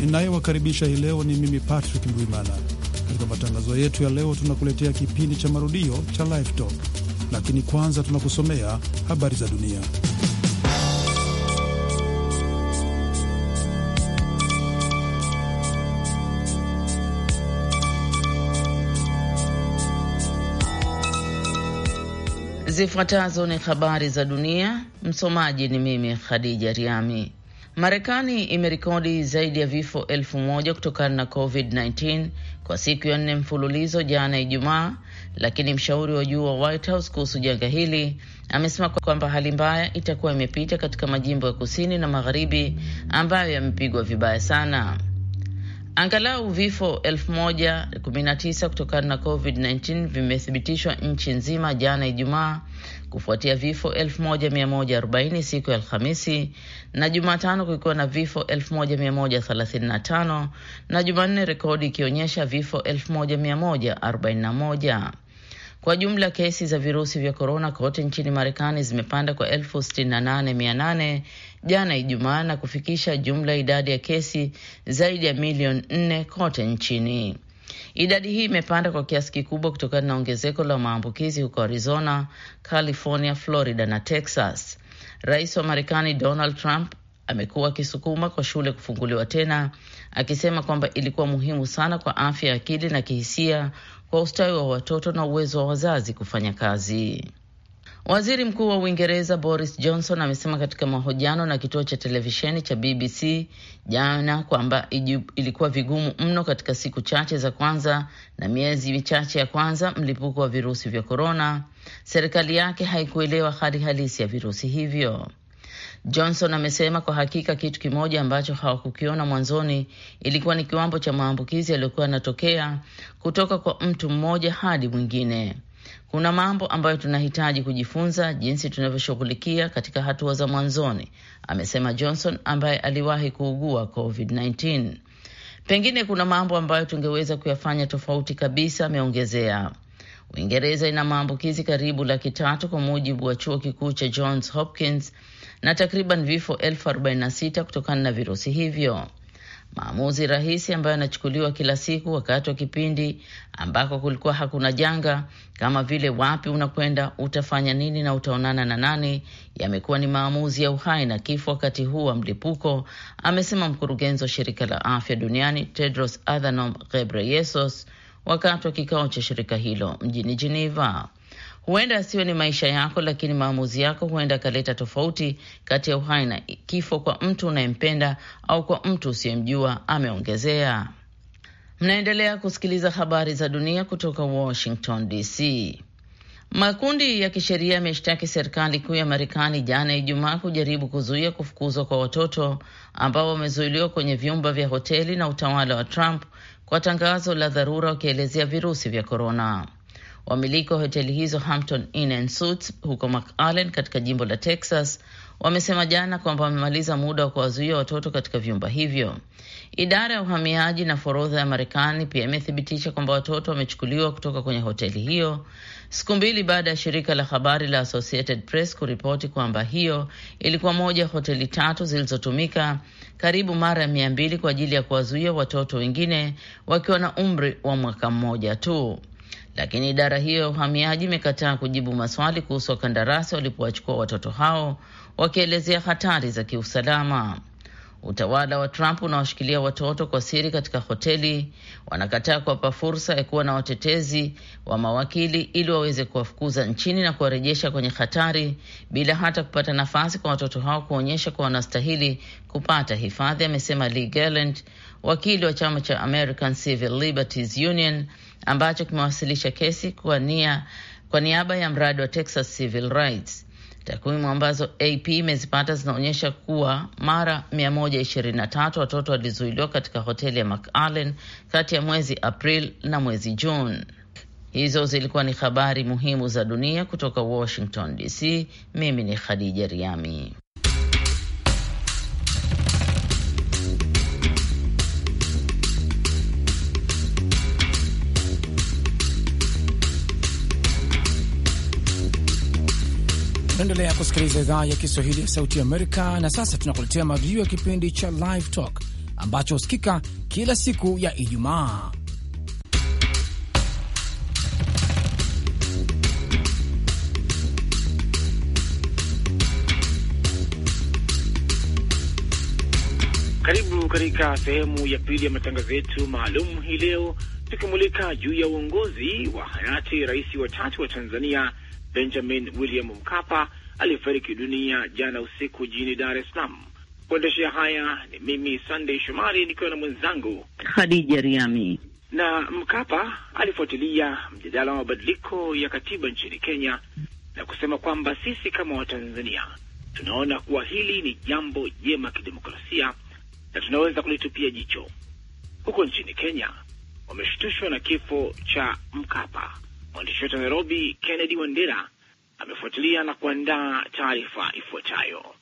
ninayewakaribisha hii leo ni mimi Patrick Ndwimana. Katika matangazo yetu ya leo, tunakuletea kipindi cha marudio cha Live Talk, lakini kwanza tunakusomea habari za dunia. Zifuatazo ni habari za dunia. Msomaji ni mimi Khadija Riami. Marekani imerekodi zaidi ya vifo elfu moja kutokana na COVID-19 kwa siku ya nne mfululizo jana Ijumaa, lakini mshauri wa juu wa White House kuhusu janga hili amesema kwamba hali mbaya itakuwa imepita katika majimbo ya kusini na magharibi ambayo yamepigwa vibaya sana. Angalau vifo elfu kutokana na COVID-19 vimethibitishwa nchi nzima jana Ijumaa, kufuatia vifo 1140 siku ya Alhamisi na Jumatano kukiwa na vifo 1135 na Jumanne rekodi ikionyesha vifo 1141. Kwa jumla kesi za virusi vya korona kote nchini Marekani zimepanda kwa elfu sitini na nane mia nane jana Ijumaa na kufikisha jumla idadi ya kesi zaidi ya milioni nne kote nchini. Idadi hii imepanda kwa kiasi kikubwa kutokana na ongezeko la maambukizi huko Arizona, California, Florida na Texas. Rais wa Marekani Donald Trump amekuwa akisukuma kwa shule kufunguliwa tena, akisema kwamba ilikuwa muhimu sana kwa afya ya akili na kihisia, kwa ustawi wa watoto na uwezo wa wazazi kufanya kazi. Waziri Mkuu wa Uingereza Boris Johnson amesema katika mahojiano na kituo cha televisheni cha BBC jana kwamba ilikuwa vigumu mno katika siku chache za kwanza na miezi michache ya kwanza mlipuko wa virusi vya korona, serikali yake haikuelewa hali halisi ya virusi hivyo. Johnson amesema kwa hakika kitu kimoja ambacho hawakukiona mwanzoni ilikuwa ni kiwambo cha maambukizi yaliyokuwa yanatokea kutoka kwa mtu mmoja hadi mwingine. Kuna mambo ambayo tunahitaji kujifunza jinsi tunavyoshughulikia katika hatua za mwanzoni, amesema Johnson ambaye aliwahi kuugua COVID-19. Pengine kuna mambo ambayo tungeweza kuyafanya tofauti kabisa, ameongezea. Uingereza ina maambukizi karibu laki tatu kwa mujibu wa chuo kikuu cha Johns Hopkins na takriban vifo elfu arobaini na sita kutokana na virusi hivyo maamuzi rahisi ambayo yanachukuliwa kila siku wakati wa kipindi ambako kulikuwa hakuna janga, kama vile wapi unakwenda, utafanya nini na utaonana na nani, yamekuwa ni maamuzi ya uhai na kifo wakati huu wa mlipuko, amesema mkurugenzi wa shirika la afya duniani Tedros Adhanom Ghebreyesus wakati wa kikao cha shirika hilo mjini Geneva. Huenda asiwe ni maisha yako, lakini maamuzi yako huenda akaleta tofauti kati ya uhai na kifo kwa mtu unayempenda au kwa mtu usiyemjua, ameongezea. Mnaendelea kusikiliza habari za dunia kutoka Washington DC. Makundi ya kisheria yameshtaki serikali kuu ya Marekani jana Ijumaa kujaribu kuzuia kufukuzwa kwa watoto ambao wamezuiliwa kwenye vyumba vya hoteli na utawala wa Trump kwa tangazo la dharura wakielezea virusi vya korona. Wamiliki wa hoteli hizo Hampton Inn and Suites huko McAllen katika jimbo la Texas wamesema jana kwamba wamemaliza muda wa kuwazuia watoto katika vyumba hivyo. Idara ya uhamiaji na forodha ya Marekani pia imethibitisha kwamba watoto wamechukuliwa kutoka kwenye hoteli hiyo siku mbili baada ya shirika la habari la Associated Press kuripoti kwamba hiyo ilikuwa moja ya hoteli tatu zilizotumika karibu mara ya mia mbili kwa ajili ya kuwazuia watoto wengine wakiwa na umri wa mwaka mmoja tu lakini idara hiyo ya uhamiaji imekataa kujibu maswali kuhusu wakandarasi walipowachukua watoto hao, wakielezea hatari za kiusalama. Utawala wa Trump unawashikilia watoto kwa siri katika hoteli, wanakataa kuwapa fursa ya kuwa na watetezi wa mawakili ili waweze kuwafukuza nchini na kuwarejesha kwenye hatari, bila hata kupata nafasi kwa watoto hao kuonyesha kuwa wanastahili kupata hifadhi, amesema Lee Garland, wakili wa chama cha American Civil Liberties Union ambacho kimewasilisha kesi kwa nia kwa niaba ya mradi wa Texas Civil Rights. Takwimu ambazo AP imezipata zinaonyesha kuwa mara 123 watoto walizuiliwa katika hoteli ya McAllen kati ya mwezi April na mwezi June. Hizo zilikuwa ni habari muhimu za dunia kutoka Washington DC. Mimi ni Khadija Riami. Tunaendelea kusikiliza idhaa ya Kiswahili ya Sauti Amerika, na sasa tunakuletea marudio ya kipindi cha Live Talk ambacho husikika kila siku ya Ijumaa. Karibu katika sehemu ya pili ya matangazo yetu maalum hii leo, tukimulika juu ya uongozi wa hayati rais wa tatu wa Tanzania Benjamin William Mkapa aliyefariki dunia jana usiku jijini Dar es Salaam. Kuendeshea haya ni mimi Sunday Shomari nikiwa na mwenzangu Khadija Riami. Na Mkapa alifuatilia mjadala wa mabadiliko ya katiba nchini Kenya na kusema kwamba sisi kama Watanzania tunaona kuwa hili ni jambo jema kidemokrasia na tunaweza kulitupia jicho. Huko nchini Kenya wameshutushwa na kifo cha Mkapa Mwandishi wetu wa Nairobi, Kennedy Wandera, amefuatilia na kuandaa taarifa ifuatayo.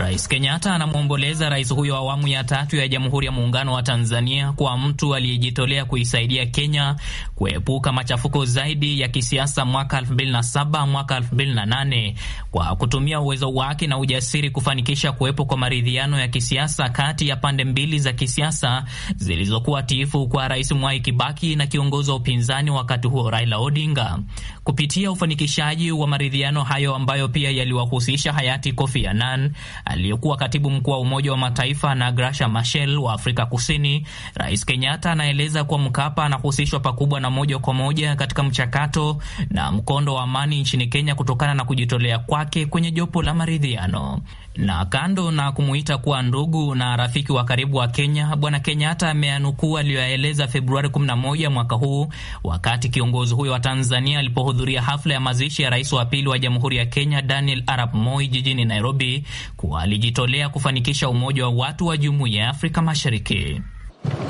Rais Kenyatta anamwomboleza rais huyo awamu ya tatu ya Jamhuri ya Muungano wa Tanzania kwa mtu aliyejitolea kuisaidia Kenya kuepuka machafuko zaidi ya kisiasa mwaka 2007 mwaka 2008 kwa kutumia uwezo wake na ujasiri kufanikisha kuwepo kwa maridhiano ya kisiasa kati ya pande mbili za kisiasa zilizokuwa tiifu kwa Rais Mwai Kibaki na kiongozi wa upinzani wakati huo Raila Odinga. Kupitia ufanikishaji wa maridhiano hayo ambayo pia yaliwahusisha hayati Kofi Annan aliyekuwa katibu mkuu wa Umoja wa Mataifa na Grasha Machel wa Afrika Kusini, Rais Kenyatta anaeleza kuwa Mkapa anahusishwa pakubwa na moja kwa moja katika mchakato na mkondo wa amani nchini Kenya kutokana na kujitolea kwake kwenye jopo la maridhiano na kando na kumuita kuwa ndugu na rafiki wa karibu wa Kenya, Bwana Kenyatta ameanukuu aliyoyaeleza Februari 11 mwaka huu wakati kiongozi huyo wa Tanzania alipohudhuria hafla ya mazishi ya rais wa pili wa jamhuri ya Kenya, Daniel Arap Moi, jijini Nairobi, kuwa walijitolea kufanikisha umoja wa watu wa jumuiya ya Afrika Mashariki.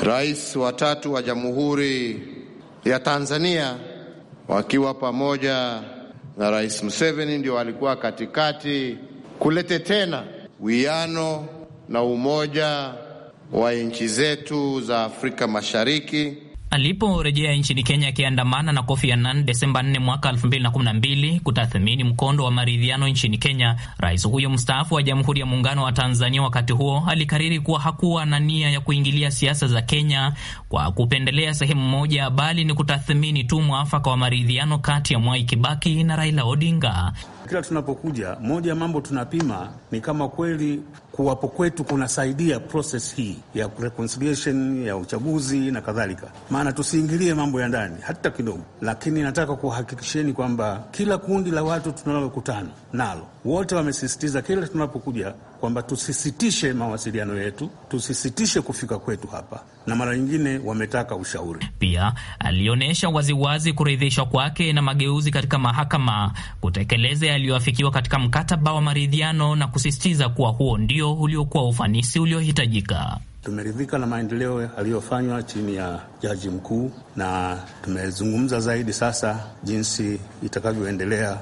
Rais watatu wa Jamhuri ya Tanzania wakiwa pamoja na Rais Museveni ndio walikuwa katikati kulete tena wiano na umoja wa nchi zetu za Afrika Mashariki Aliporejea nchini Kenya akiandamana na Kofi Annan Desemba 4 mwaka 2012 kutathmini mkondo wa maridhiano nchini Kenya, rais huyo mstaafu wa Jamhuri ya Muungano wa Tanzania wakati huo alikariri kuwa hakuwa na nia ya kuingilia siasa za Kenya kwa kupendelea sehemu moja, bali ni kutathmini tu mwafaka wa maridhiano kati ya Mwai Kibaki na Raila Odinga. Kila tunapokuja moja ya mambo tunapima ni kama kweli kuwapo kwetu kunasaidia proses hii ya reconciliation ya uchaguzi na kadhalika. Maana tusiingilie mambo ya ndani hata kidogo, lakini nataka kuhakikisheni kwamba kila kundi la watu tunalokutana nalo wote wamesisitiza kila tunapokuja kwamba tusisitishe mawasiliano yetu, tusisitishe kufika kwetu hapa, na mara nyingine wametaka ushauri. Pia alionyesha waziwazi kuridhishwa kwake na mageuzi katika mahakama kutekeleza yaliyoafikiwa katika mkataba wa maridhiano na kusisitiza kuwa huo ndio uliokuwa ufanisi uliohitajika. Tumeridhika na maendeleo yaliyofanywa chini ya jaji mkuu, na tumezungumza zaidi sasa jinsi itakavyoendelea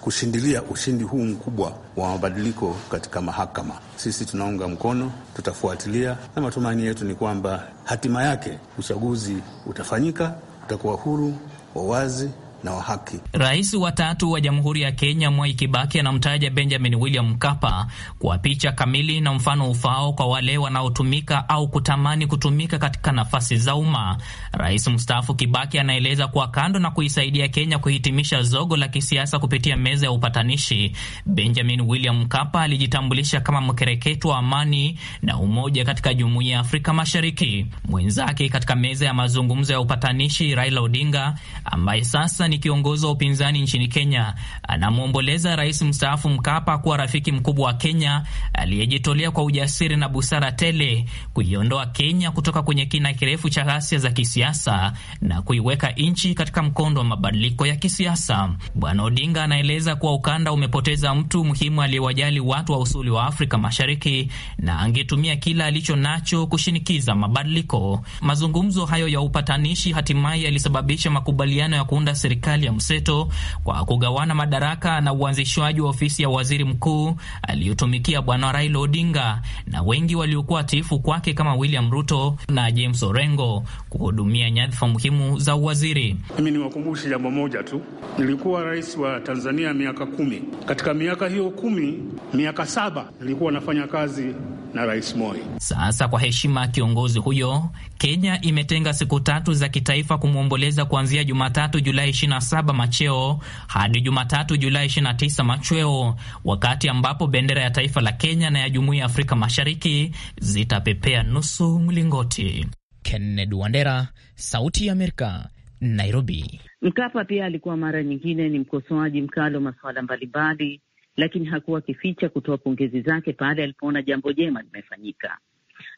kushindilia ushindi huu mkubwa wa mabadiliko katika mahakama. Sisi tunaunga mkono, tutafuatilia, na matumaini yetu ni kwamba hatima yake uchaguzi utafanyika, utakuwa huru wa wazi na wa haki. Rais wa tatu wa Jamhuri ya Kenya Mwai Kibaki anamtaja Benjamin William Mkapa kwa picha kamili na mfano ufao kwa wale wanaotumika au kutamani kutumika katika nafasi za umma. Rais mstaafu Kibaki anaeleza kuwa kando na kuisaidia Kenya kuhitimisha zogo la kisiasa kupitia meza ya upatanishi, Benjamin William Mkapa alijitambulisha kama mkereketo wa amani na umoja katika Jumuiya ya Afrika Mashariki. Mwenzake katika meza ya mazungumzo ya upatanishi Raila Odinga ambaye sasa ni kiongozi wa upinzani nchini Kenya, anamwomboleza rais mstaafu Mkapa kuwa rafiki mkubwa wa Kenya aliyejitolea kwa ujasiri na busara tele kuiondoa Kenya kutoka kwenye kina kirefu cha ghasia za kisiasa na kuiweka nchi katika mkondo wa mabadiliko ya kisiasa. Bwana Odinga anaeleza kuwa ukanda umepoteza mtu muhimu aliyewajali watu wa usuli wa Afrika Mashariki na angetumia kila alicho nacho kushinikiza mabadiliko. Mazungumzo hayo ya upatanishi hatimaye yalisababisha makubaliano ya kuunda serikali serikali ya mseto kwa kugawana madaraka na uanzishwaji wa ofisi ya waziri mkuu aliyotumikia Bwana Raila Odinga na wengi waliokuwa tifu kwake kama William Ruto na James Orengo kuhudumia nyadhifa muhimu za uwaziri. Mimi niwakumbushe jambo moja tu, nilikuwa rais wa Tanzania miaka kumi. Katika miaka hiyo kumi, miaka saba nilikuwa nafanya kazi na Rais Moi. Sasa kwa heshima ya kiongozi huyo, Kenya imetenga siku tatu za kitaifa kumwomboleza kuanzia Jumatatu Julai 27 macheo hadi Jumatatu Julai 29 machweo, wakati ambapo bendera ya taifa la Kenya na ya Jumuiya ya Afrika Mashariki zitapepea nusu mlingoti. Kennedy Wandera, Sauti ya Amerika, Nairobi. Mkapa pia alikuwa mara nyingine ni mkosoaji mkali wa masuala mbalimbali lakini hakuwa akificha kutoa pongezi zake pale alipoona jambo jema limefanyika.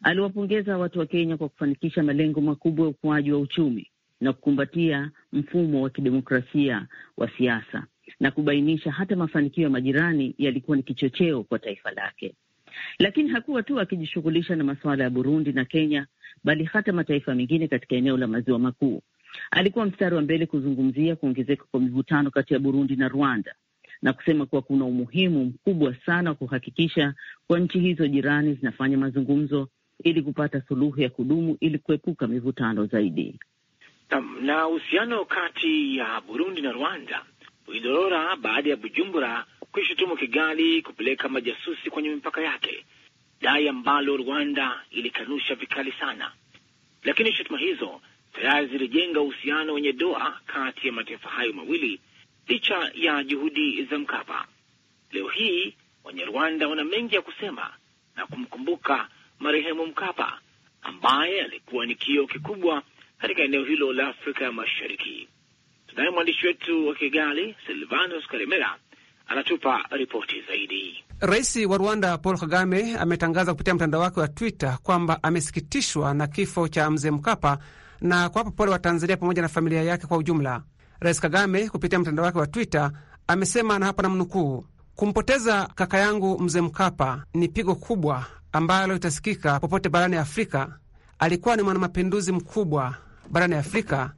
Aliwapongeza watu wa Kenya kwa kufanikisha malengo makubwa ya ukuaji wa uchumi na kukumbatia mfumo wa kidemokrasia wa siasa na kubainisha hata mafanikio ya majirani yalikuwa ni kichocheo kwa taifa lake. Lakini hakuwa tu akijishughulisha na masuala ya Burundi na Kenya, bali hata mataifa mengine katika eneo la maziwa makuu. Alikuwa mstari wa mbele kuzungumzia kuongezeka kwa mivutano kati ya Burundi na Rwanda, na kusema kuwa kuna umuhimu mkubwa sana wa kuhakikisha kwa nchi hizo jirani zinafanya mazungumzo ili kupata suluhu ya kudumu ili kuepuka mivutano zaidi. Na uhusiano kati ya Burundi na Rwanda ulidorora baada ya Bujumbura kuishutumu Kigali kupeleka majasusi kwenye mipaka yake, dai ambalo Rwanda ilikanusha vikali sana, lakini shutuma hizo tayari zilijenga uhusiano wenye doa kati ya mataifa hayo mawili licha ya juhudi za Mkapa. Leo hii Wanyarwanda wana mengi ya kusema na kumkumbuka marehemu Mkapa ambaye alikuwa ni kioo kikubwa katika eneo hilo la Afrika Mashariki. Tunaye mwandishi wetu wa Kigali, Silvanos karimera anatupa ripoti zaidi. Rais wa Rwanda Paul Kagame ametangaza kupitia mtandao wake wa Twitter kwamba amesikitishwa na kifo cha mzee Mkapa na kuwapa pole wa tanzania pamoja na familia yake kwa ujumla. Rais Kagame kupitia mtandao wake wa Twitter amesema, na hapa mnukuu, kumpoteza kaka yangu mzee Mkapa ni pigo kubwa ambalo itasikika popote barani Afrika. Alikuwa ni mwanamapinduzi mkubwa barani Afrika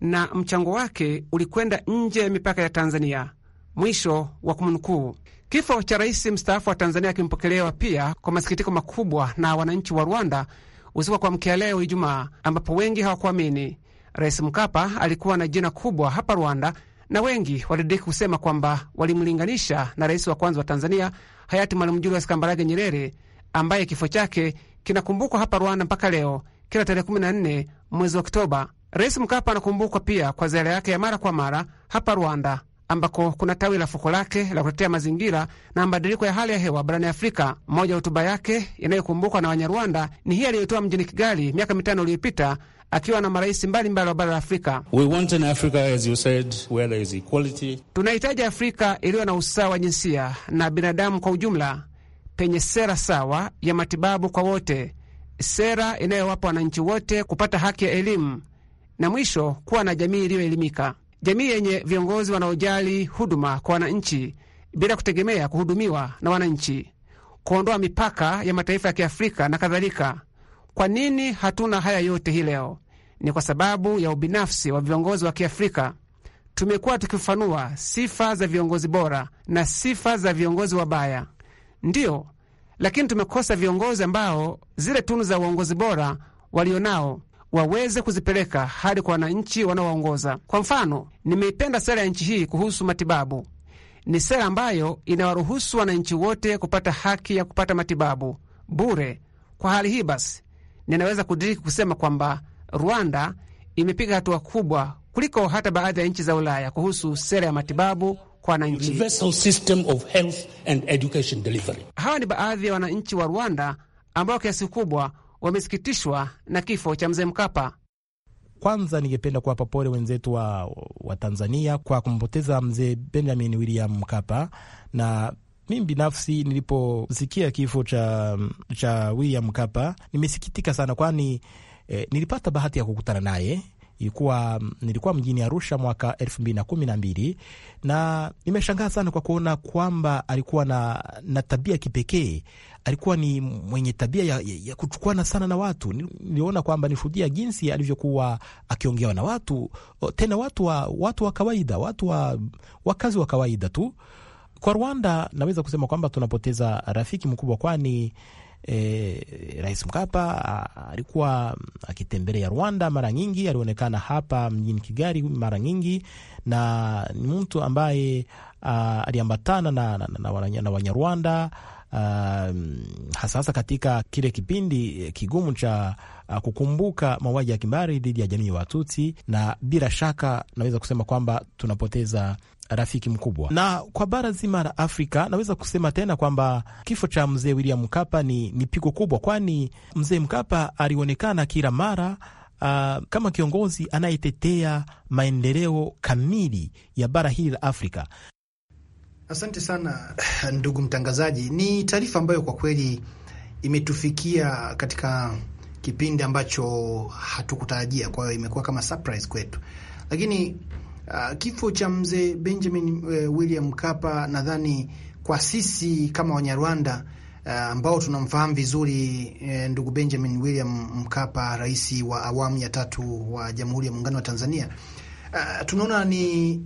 na mchango wake ulikwenda nje ya mipaka ya Tanzania. Mwisho wa kumnukuu. Kifo cha rais mstaafu wa Tanzania akimpokelewa pia kwa masikitiko makubwa na wananchi wa Rwanda usiku wa kuamkia leo Ijumaa, ambapo wengi hawakuamini Rais Mkapa alikuwa na jina kubwa hapa Rwanda, na wengi walidiriki kusema kwamba walimlinganisha na rais wa kwanza wa Tanzania hayati Mwalimu Julius Kambarage Nyerere ambaye kifo chake kinakumbukwa hapa Rwanda mpaka leo kila tarehe 14 mwezi wa Oktoba. Rais Mkapa anakumbukwa pia kwa ziara yake ya mara kwa mara hapa Rwanda, ambako kuna tawi la fuko lake la kutetea mazingira na mabadiliko ya hali ya hewa barani Afrika. Moja ya hotuba yake inayokumbukwa na Wanyarwanda ni hii aliyotoa mjini Kigali miaka mitano iliyopita akiwa na marais mbalimbali wa bara la Afrika. We want an Africa, as you said, where there is equality. Tunahitaji Afrika iliyo na usawa wa jinsia na binadamu kwa ujumla, penye sera sawa ya matibabu kwa wote, sera inayowapa wananchi wote kupata haki ya elimu, na mwisho kuwa na jamii iliyoelimika, jamii yenye viongozi wanaojali huduma kwa wananchi bila kutegemea kuhudumiwa na wananchi, kuondoa mipaka ya mataifa ya Kiafrika na kadhalika. Kwa nini hatuna haya yote hii leo? Ni kwa sababu ya ubinafsi wa viongozi wa Kiafrika. Tumekuwa tukifafanua sifa za viongozi bora na sifa za viongozi wabaya, ndiyo, lakini tumekosa viongozi ambao zile tunu za uongozi bora walionao waweze kuzipeleka hadi kwa wananchi wanaowaongoza. Kwa mfano, nimeipenda sera ya nchi hii kuhusu matibabu. Ni sera ambayo inawaruhusu wananchi wote kupata haki ya kupata matibabu bure. Kwa hali hii basi ninaweza kudiriki kusema kwamba Rwanda imepiga hatua kubwa kuliko hata baadhi ya nchi za Ulaya kuhusu sera ya matibabu kwa wananchi. Hawa ni baadhi ya wananchi wa Rwanda ambao kiasi kubwa wamesikitishwa na kifo cha mzee Mkapa. Kwanza ningependa kuwapa pole wenzetu wa, wa Tanzania kwa kumpoteza mzee Benjamin William Mkapa na mimi binafsi niliposikia kifo cha, cha William Kapa nimesikitika sana, kwani eh, nilipata bahati ya kukutana naye Ilikuwa, nilikuwa mjini Arusha mwaka elfu mbili na kumi na mbili na nimeshangaa sana kwa kuona kwamba alikuwa na, na tabia kipekee. Alikuwa ni mwenye tabia ya, ya kuchukuana sana na watu. Niliona kwamba nishuhudia jinsi alivyokuwa akiongewa na watu, tena watu wa, watu wa kawaida, watu wa wakazi wa kawaida tu kwa Rwanda naweza kusema kwamba tunapoteza rafiki mkubwa, kwani e, Rais Mkapa alikuwa akitembelea Rwanda mara nyingi, alionekana hapa mjini Kigali mara nyingi, na ni mtu ambaye aliambatana na, na, na, na, na Wanyarwanda hasahasa um, katika kile kipindi eh, kigumu cha ah, kukumbuka mauaji ya kimbari dhidi ya jamii ya Watuti, na bila shaka naweza kusema kwamba tunapoteza rafiki mkubwa. Na kwa bara zima la Afrika, naweza kusema tena kwamba kifo cha mzee William Mkapa ni, ni pigo kubwa, kwani mzee Mkapa alionekana kila mara Uh, kama kiongozi anayetetea maendeleo kamili ya bara hili la Afrika Asante sana ndugu mtangazaji, ni taarifa ambayo kwa kweli imetufikia katika kipindi ambacho hatukutarajia, kwa hiyo imekuwa kama surprise kwetu, lakini uh, kifo cha mzee Benjamin uh, William Mkapa nadhani kwa sisi kama Wanyarwanda uh, ambao tunamfahamu vizuri uh, ndugu Benjamin William Mkapa, rais wa awamu ya tatu wa Jamhuri ya Muungano wa Tanzania, uh, tunaona ni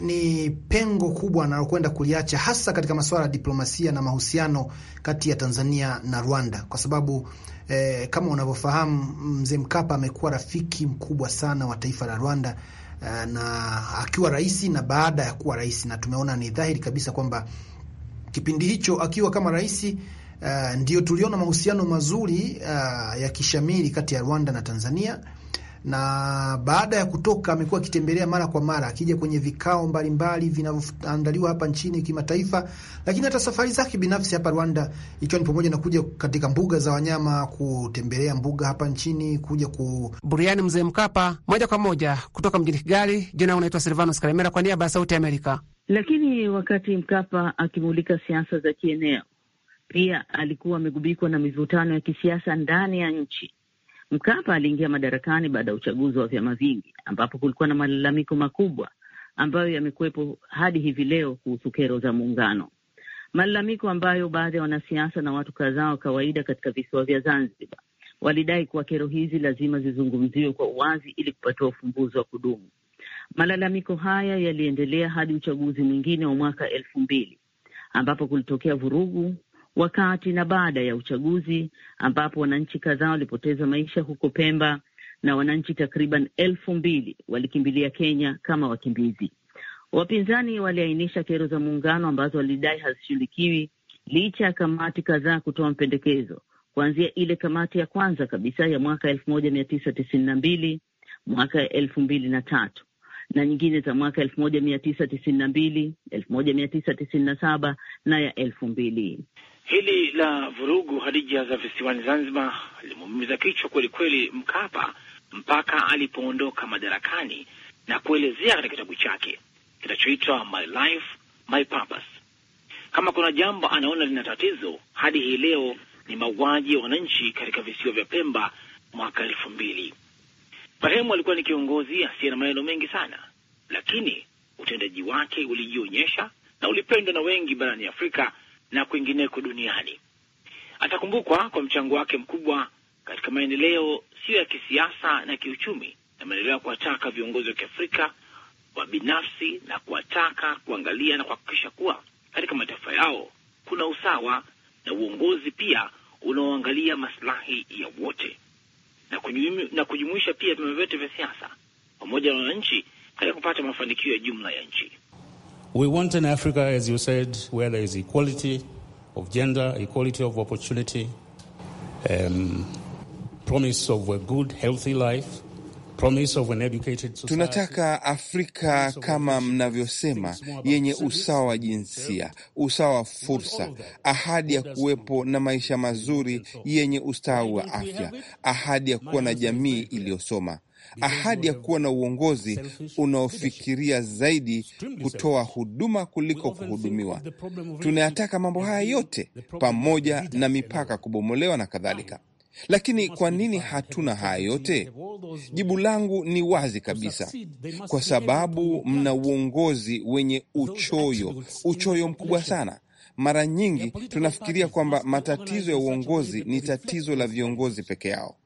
ni pengo kubwa analokwenda kuliacha hasa katika masuala ya diplomasia na mahusiano kati ya Tanzania na Rwanda, kwa sababu eh, kama unavyofahamu mzee Mkapa amekuwa rafiki mkubwa sana wa taifa la Rwanda eh, na akiwa rais na baada ya kuwa rais, na tumeona ni dhahiri kabisa kwamba kipindi hicho akiwa kama rais eh, ndio tuliona mahusiano mazuri eh, ya kishamiri kati ya Rwanda na Tanzania na baada ya kutoka amekuwa akitembelea mara kwa mara, akija kwenye vikao mbalimbali vinavyoandaliwa hapa nchini kimataifa, lakini hata safari zake binafsi hapa Rwanda, ikiwa ni pamoja na kuja katika mbuga za wanyama, kutembelea mbuga hapa nchini, kuja ku buriani Mzee Mkapa. Moja kwa moja kutoka mjini Kigali, jina langu naitwa Silvanos Karemera kwa niaba ya Sauti ya Amerika. Lakini wakati Mkapa akimulika siasa za kieneo, pia alikuwa amegubikwa na mivutano ya kisiasa ndani ya nchi Mkapa aliingia madarakani baada ya uchaguzi wa vyama vingi, ambapo kulikuwa na malalamiko makubwa ambayo yamekuwepo hadi hivi leo kuhusu kero za muungano, malalamiko ambayo baadhi ya wanasiasa na watu kadhaa wa kawaida katika visiwa vya Zanzibar walidai kuwa kero hizi lazima zizungumziwe kwa uwazi ili kupatiwa ufumbuzi wa kudumu. Malalamiko haya yaliendelea hadi uchaguzi mwingine wa mwaka elfu mbili ambapo kulitokea vurugu wakati na baada ya uchaguzi ambapo wananchi kadhaa walipoteza maisha huko Pemba na wananchi takriban elfu mbili walikimbilia Kenya kama wakimbizi. Wapinzani waliainisha kero za muungano ambazo walidai hazishughulikiwi licha ya kamati kadhaa kutoa mapendekezo, kuanzia ile kamati ya kwanza kabisa ya mwaka elfu moja mia tisa tisini na mbili mwaka elfu mbili na tatu na nyingine za mwaka elfu moja mia tisa tisini na mbili elfu moja mia tisa tisini na saba na ya elfu mbili Hili la vurugu Hadija za visiwani Zanzibar limemuumiza kichwa kweli kweli Mkapa mpaka alipoondoka madarakani na kuelezea katika kitabu chake kinachoitwa My Life, My Purpose. Kama kuna jambo anaona lina tatizo hadi hii leo ni mauaji ya wananchi katika visiwa vya Pemba mwaka elfu mbili. Marehemu alikuwa ni kiongozi asiye na maneno mengi sana, lakini utendaji wake ulijionyesha na ulipendwa na wengi barani Afrika na kwingineko duniani. Atakumbukwa kwa mchango wake mkubwa katika maendeleo siyo ya kisiasa na kiuchumi, na maendeleo ya kuwataka viongozi wa Kiafrika wa binafsi na kuwataka kuangalia na kuhakikisha kuwa katika mataifa yao kuna usawa na uongozi pia unaoangalia maslahi ya wote na kujumuisha pia vyama vyote vya siasa pamoja na wananchi katika kupata mafanikio ya jumla ya nchi. We want an Africa, as you said, where there is equality of gender, equality of opportunity, um, promise of a good, healthy life. Promise of an educated society. Tunataka Afrika kama mnavyosema, yenye usawa wa jinsia, usawa wa fursa, ahadi ya kuwepo na maisha mazuri yenye ustawi wa afya, ahadi ya kuwa na jamii iliyosoma ahadi ya kuwa na uongozi unaofikiria zaidi kutoa huduma kuliko kuhudumiwa. Tunayataka mambo haya yote pamoja na mipaka kubomolewa na kadhalika. Lakini kwa nini hatuna haya yote? Jibu langu ni wazi kabisa, kwa sababu mna uongozi wenye uchoyo, uchoyo mkubwa sana. Mara nyingi tunafikiria kwamba matatizo ya uongozi ni tatizo la viongozi peke yao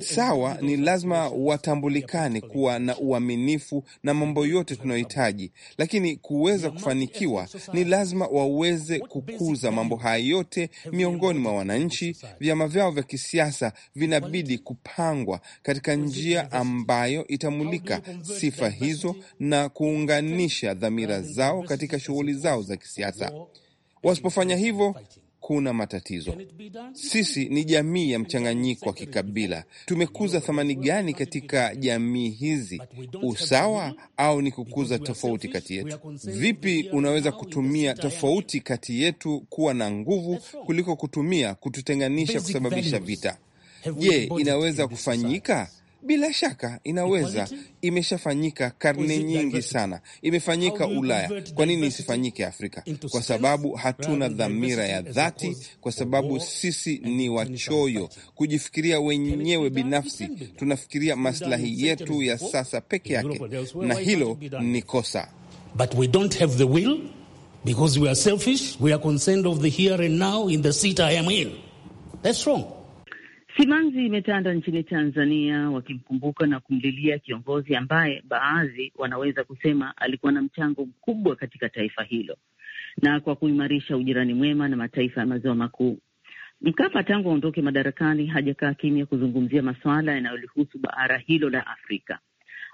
sawa, ni lazima watambulikane, kuwa na uaminifu na mambo yote tunayohitaji, lakini kuweza kufanikiwa ni lazima waweze kukuza mambo haya yote miongoni mwa wananchi. Vyama vyao vya kisiasa vinabidi kupangwa katika njia ambayo itamulika sifa hizo na kuunganisha dhamira zao katika shughuli zao za kisiasa. Wasipofanya hivyo hakuna matatizo. Sisi ni jamii ya mchanganyiko wa kikabila. Tumekuza thamani gani katika jamii hizi? Usawa au ni kukuza tofauti kati yetu? Vipi unaweza kutumia tofauti kati yetu kuwa na nguvu kuliko kutumia kututenganisha, kusababisha vita? Je, inaweza kufanyika? Bila shaka inaweza, imeshafanyika karne nyingi sana, imefanyika Ulaya. Kwa nini isifanyike Afrika? Kwa sababu hatuna dhamira ya dhati, kwa sababu sisi ni wachoyo kujifikiria wenyewe binafsi. Tunafikiria maslahi yetu ya sasa peke yake, na hilo ni kosa. But we don't have the will because we are selfish. We are concerned of the here and now in the seat I am in. That's wrong. Simanzi imetanda nchini Tanzania wakimkumbuka na kumlilia kiongozi ambaye baadhi wanaweza kusema alikuwa na mchango mkubwa katika taifa hilo na kwa kuimarisha ujirani mwema na mataifa ya maziwa makuu. Mkapa tangu aondoke madarakani hajakaa kimya kuzungumzia masuala yanayolihusu bara hilo la Afrika,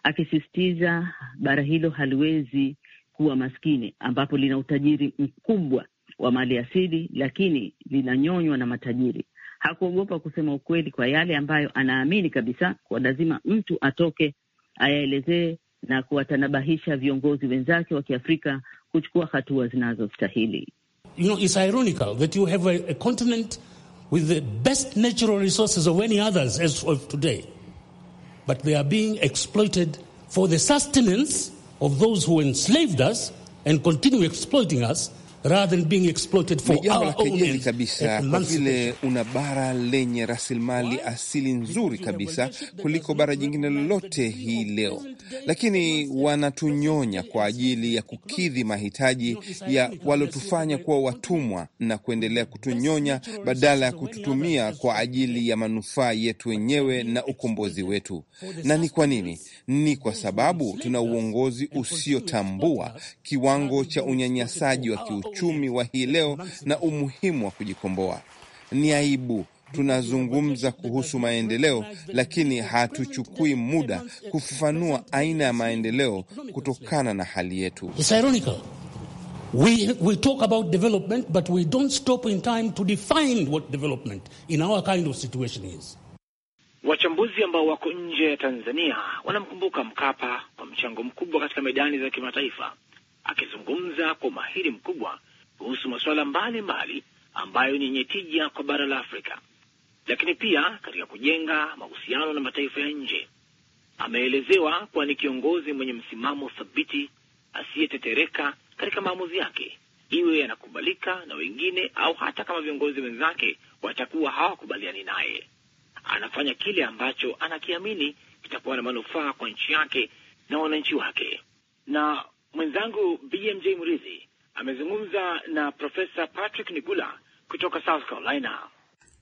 akisisitiza bara hilo haliwezi kuwa maskini, ambapo lina utajiri mkubwa wa mali asili, lakini linanyonywa na matajiri hakuogopa kusema ukweli kwa yale ambayo anaamini kabisa kuwa lazima mtu atoke ayaelezee na kuwatanabahisha viongozi wenzake wa Kiafrika kuchukua hatua zinazostahili. You know, it's ironical that you have a, a continent with the best natural resources of any others as of today. But they are being exploited for the sustenance of those who enslaved us and continue exploiting us ni jambo la kejeli kabisa, kwa vile una bara lenye rasilimali asili nzuri kabisa kuliko bara jingine lolote hii leo, lakini wanatunyonya kwa ajili ya kukidhi mahitaji ya walotufanya kuwa watumwa na kuendelea kutunyonya badala ya kututumia kwa ajili ya manufaa yetu wenyewe na ukombozi wetu. Na ni kwa nini? Ni kwa sababu tuna uongozi usiotambua kiwango cha unyanyasaji wa kiuchumi uchumi wa hii leo na umuhimu wa kujikomboa. Ni aibu tunazungumza kuhusu maendeleo lakini hatuchukui muda kufafanua aina ya maendeleo kutokana na hali yetu. We, we talk about development but we don't stop in time to define what development in our kind of situation is. Wachambuzi ambao wako nje ya Tanzania wanamkumbuka Mkapa kwa mchango mkubwa katika medani za kimataifa akizungumza kwa umahiri mkubwa kuhusu masuala mbalimbali ambayo ni yenye tija kwa bara la Afrika, lakini pia katika kujenga mahusiano na mataifa ya nje. Ameelezewa kuwa ni kiongozi mwenye msimamo thabiti, asiyetetereka katika maamuzi yake, iwe yanakubalika na wengine au hata kama viongozi wenzake watakuwa hawakubaliani naye. Anafanya kile ambacho anakiamini kitakuwa na manufaa kwa nchi yake na wananchi wake, na Mwenzangu BMJ Murithi amezungumza na Profesa Patrick Nigula kutoka South Carolina.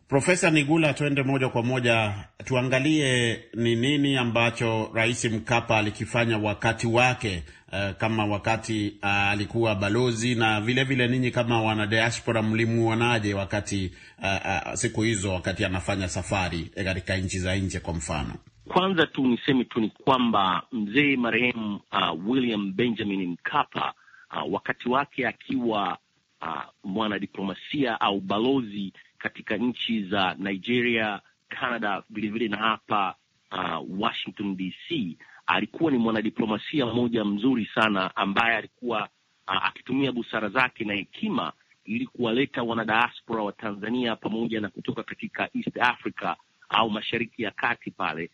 Profesa Nigula, tuende moja kwa moja tuangalie ni nini ambacho Rais Mkapa alikifanya wakati wake, uh, kama wakati uh, alikuwa balozi, na vilevile ninyi kama wanadiaspora mlimuonaje wakati uh, uh, siku hizo wakati anafanya safari katika nchi za nje, kwa mfano? Kwanza tu niseme tu ni kwamba mzee marehemu uh, William Benjamin Mkapa uh, wakati wake akiwa uh, mwanadiplomasia au balozi katika nchi za Nigeria, Canada, vilevile na hapa uh, Washington DC, alikuwa ni mwanadiplomasia mmoja mzuri sana ambaye alikuwa uh, akitumia busara zake na hekima ili kuwaleta wanadiaspora wa Tanzania pamoja na kutoka katika East Africa au Mashariki ya Kati pale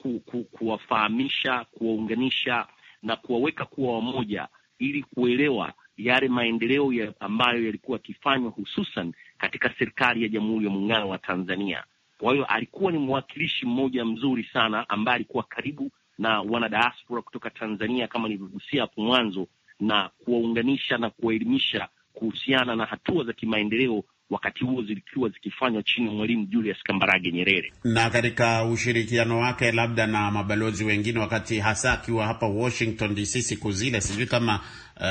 ku, ku, kuwafahamisha, kuwaunganisha na kuwaweka kuwa wamoja ili kuelewa yale maendeleo ya ambayo yalikuwa yakifanywa hususan katika serikali ya Jamhuri ya Muungano wa Tanzania. Kwa hiyo alikuwa ni mwakilishi mmoja mzuri sana ambaye alikuwa karibu na wanadiaspora kutoka Tanzania kama nilivyogusia hapo mwanzo, na kuwaunganisha na kuwaelimisha kuhusiana na hatua za kimaendeleo wakati huo zilikuwa zikifanywa chini ya Mwalimu Julius Kambarage Nyerere. Na katika ushirikiano wake labda na mabalozi wengine, wakati hasa akiwa hapa Washington DC siku zile, sijui kama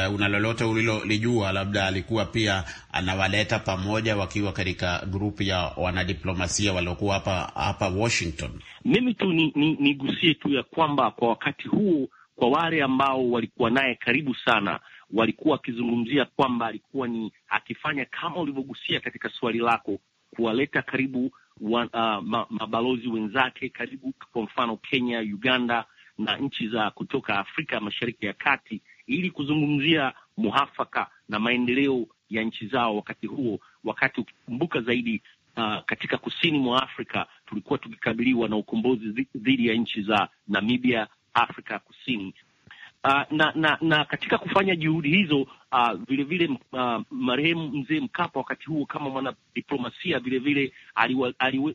uh, una lolote ulilolijua, labda alikuwa pia anawaleta pamoja wakiwa katika grupu ya wanadiplomasia waliokuwa hapa hapa Washington. Mimi tu nigusie ni, ni tu ya kwamba kwa wakati huo kwa wale ambao walikuwa naye karibu sana walikuwa wakizungumzia kwamba alikuwa ni akifanya kama ulivyogusia katika swali lako, kuwaleta karibu wa, uh, mabalozi wenzake karibu, kwa mfano Kenya, Uganda na nchi za kutoka Afrika Mashariki ya Kati ili kuzungumzia muhafaka na maendeleo ya nchi zao wakati huo, wakati ukikumbuka zaidi Uh, katika kusini mwa Afrika tulikuwa tukikabiliwa na ukombozi dhidi ya nchi za Namibia, Afrika Kusini, uh, na, na na katika kufanya juhudi hizo vilevile uh, ah, vile, uh, marehemu mzee Mkapa wakati huo kama mwanadiplomasia vilevile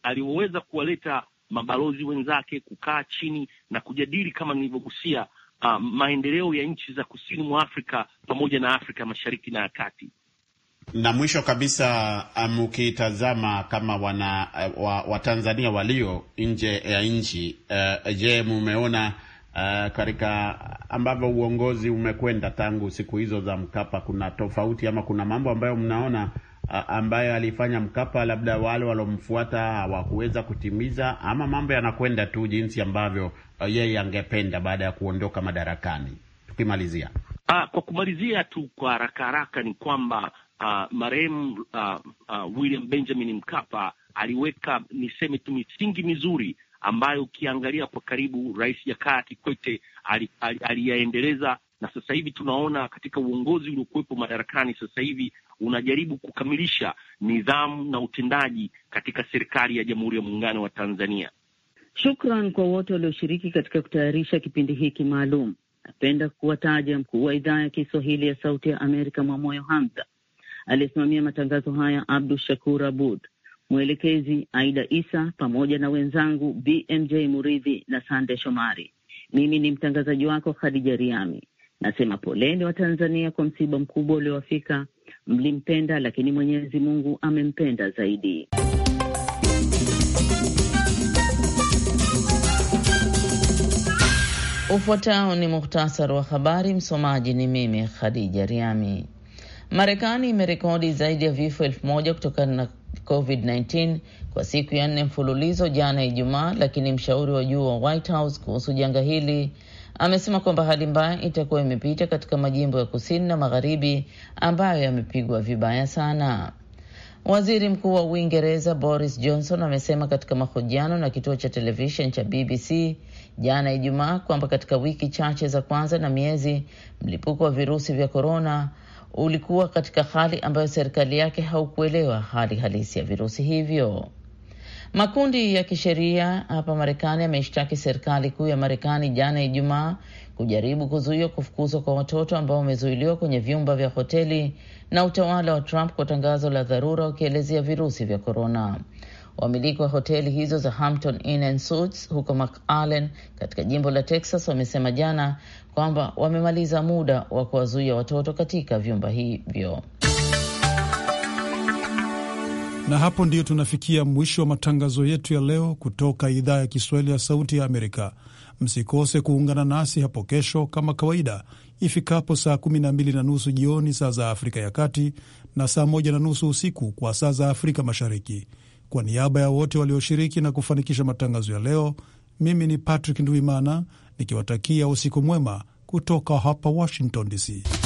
aliweza kuwaleta mabalozi wenzake kukaa chini na kujadili kama nilivyogusia uh, maendeleo ya nchi za kusini mwa Afrika pamoja na Afrika Mashariki na ya Kati. Na mwisho kabisa, mkitazama kama wana Watanzania wa walio nje ya nchi uh, je, mumeona uh, katika ambavyo uongozi umekwenda tangu siku hizo za Mkapa, kuna tofauti ama kuna mambo ambayo mnaona eh, ambayo alifanya Mkapa labda wale walomfuata hawakuweza kutimiza, ama mambo yanakwenda tu jinsi ambavyo eh, yeye angependa baada ya kuondoka madarakani? Tukimalizia ah, kwa kumalizia tu kwa haraka haraka ni kwamba ah, marehemu ah, ah, William Benjamin Mkapa aliweka niseme tu misingi mizuri ambayo ukiangalia kwa karibu Rais Jakaya Kikwete aliyaendeleza ali, ali na sasa hivi tunaona katika uongozi uliokuwepo madarakani sasa hivi unajaribu kukamilisha nidhamu na utendaji katika serikali ya Jamhuri ya Muungano wa Tanzania. Shukran kwa wote walioshiriki katika kutayarisha kipindi hiki maalum. Napenda kuwataja mkuu wa idhaa ya Kiswahili ya Sauti ya Amerika, Mwamoyo Hamza, aliyesimamia matangazo haya, Abdu Shakur Abud, mwelekezi Aida Isa pamoja na wenzangu BMJ Muridhi na Sande Shomari. Mimi ni mtangazaji wako Khadija Riami. Nasema poleni wa Tanzania kwa msiba mkubwa uliowafika. Mlimpenda, lakini Mwenyezi Mungu amempenda zaidi. Ufuatao ni muhtasari wa habari. Msomaji ni mimi Khadija Riami. Marekani imerekodi zaidi ya vifo elfu moja kutokana na COVID-19 kwa siku ya nne mfululizo jana Ijumaa, lakini mshauri wa juu wa White House kuhusu janga hili amesema kwamba hali mbaya itakuwa imepita katika majimbo ya kusini na magharibi ambayo yamepigwa vibaya sana. Waziri Mkuu wa Uingereza Boris Johnson amesema katika mahojiano na kituo cha televishen cha BBC jana Ijumaa kwamba katika wiki chache za kwanza na miezi, mlipuko wa virusi vya korona ulikuwa katika hali ambayo serikali yake haukuelewa hali halisi ya virusi hivyo. Makundi ya kisheria hapa Marekani yameishtaki serikali kuu ya Marekani jana Ijumaa kujaribu kuzuia kufukuzwa kwa watoto ambao wamezuiliwa kwenye vyumba vya hoteli na utawala wa Trump kwa tangazo la dharura wakielezea virusi vya korona. Wamiliki wa hoteli hizo za Hampton Inn and Suites huko McAllen katika jimbo la Texas wamesema jana kwamba wamemaliza muda wa kuwazuia watoto katika vyumba hivyo. Na hapo ndiyo tunafikia mwisho wa matangazo yetu ya leo kutoka idhaa ya Kiswahili ya Sauti ya Amerika. Msikose kuungana nasi hapo kesho kama kawaida ifikapo saa kumi na mbili na nusu jioni saa za Afrika ya Kati na saa moja na nusu usiku kwa saa za Afrika Mashariki. Kwa niaba ya wote walioshiriki na kufanikisha matangazo ya leo, mimi ni Patrick nduimana nikiwatakia usiku mwema kutoka hapa Washington DC.